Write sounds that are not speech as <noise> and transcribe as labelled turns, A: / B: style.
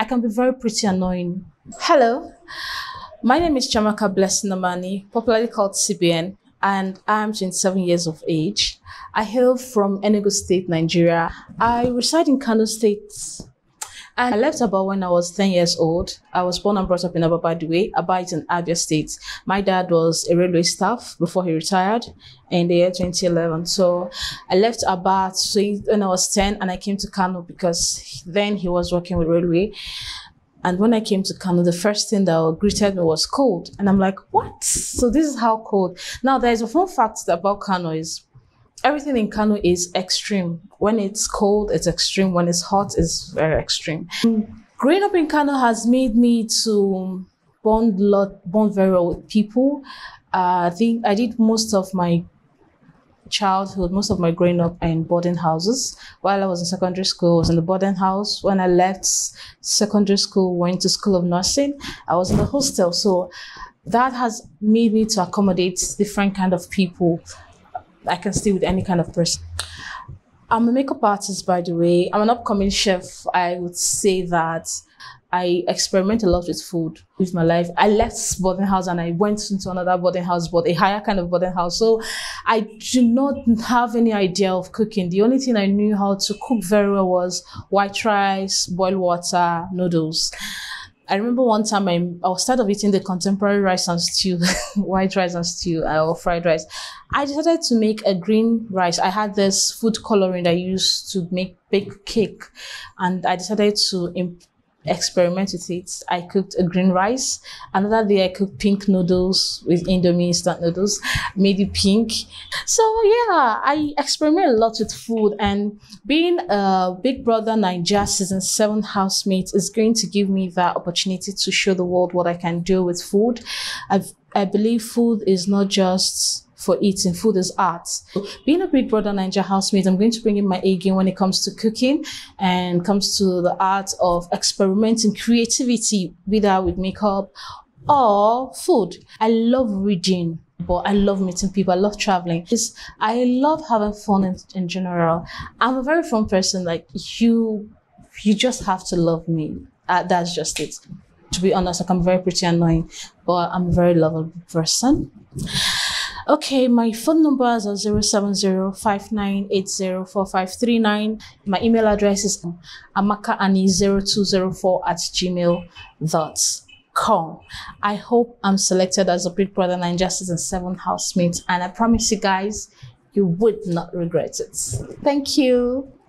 A: I can be very pretty annoying. Hello, my name is Chamaka Blessing Namani, popularly called CBN, and I'm 27 years of age. I hail from Enugu State, Nigeria. I reside in Kano State I left Aba when I was 10 years old. I was born and brought up in Aba, by the way. Aba is in Abia State. My dad was a railway staff before he retired in the year 2011. So I left Aba when I was 10 and I came to Kano because then he was working with railway. And when I came to Kano, the first thing that greeted me was cold. And I'm like, what? So this is how cold. Now, there's a fun fact about Kano is everything in Kano is extreme. When it's cold, it's extreme. When it's hot, it's very extreme. Growing up in Kano has made me to bond lot, bond very well with people. Uh, I think I did most of my childhood, most of my growing up in boarding houses. While I was in secondary school, I was in the boarding house. When I left secondary school, went to school of nursing, I was in the hostel. So that has made me to accommodate different kind of people I can stay with any kind of person. I'm a makeup artist, by the way. I'm an upcoming chef. I would say that I experiment a lot with food with my life. I left boarding house and I went into another boarding house, but a higher kind of boarding house. So I do not have any idea of cooking. The only thing I knew how to cook very well was white rice, boiled water, noodles. I remember one time I, I was tired of eating the contemporary rice and stew, <laughs> white rice and stew, uh, or fried rice. I decided to make a green rice. I had this food coloring I used to make big cake, and I decided to imp- experiment with it. I cooked a green rice. Another day I cooked pink noodles with Indomie instant noodles, made it pink. So yeah, I experiment a lot with food and being a Big Brother Nigeria season seven housemate is going to give me that opportunity to show the world what I can do with food. i I believe food is not just for eating. Food is art. Being a Big Brother Ninja housemate, I'm going to bring in my A game when it comes to cooking and comes to the art of experimenting creativity, whether with makeup or food. I love reading. But I love meeting people. I love traveling. Just, I love having fun in, in general. I'm a very fun person. Like you, you just have to love me. Uh, that's just it to be honest, like I'm very pretty annoying, but I'm a very lovable person. Okay, my phone number is 070-5980-4539. My email address is amakaani0204 at gmail.com. I hope I'm selected as a Big Brother 9 Justice and 7 housemates, and I promise you guys, you would not regret it. Thank you.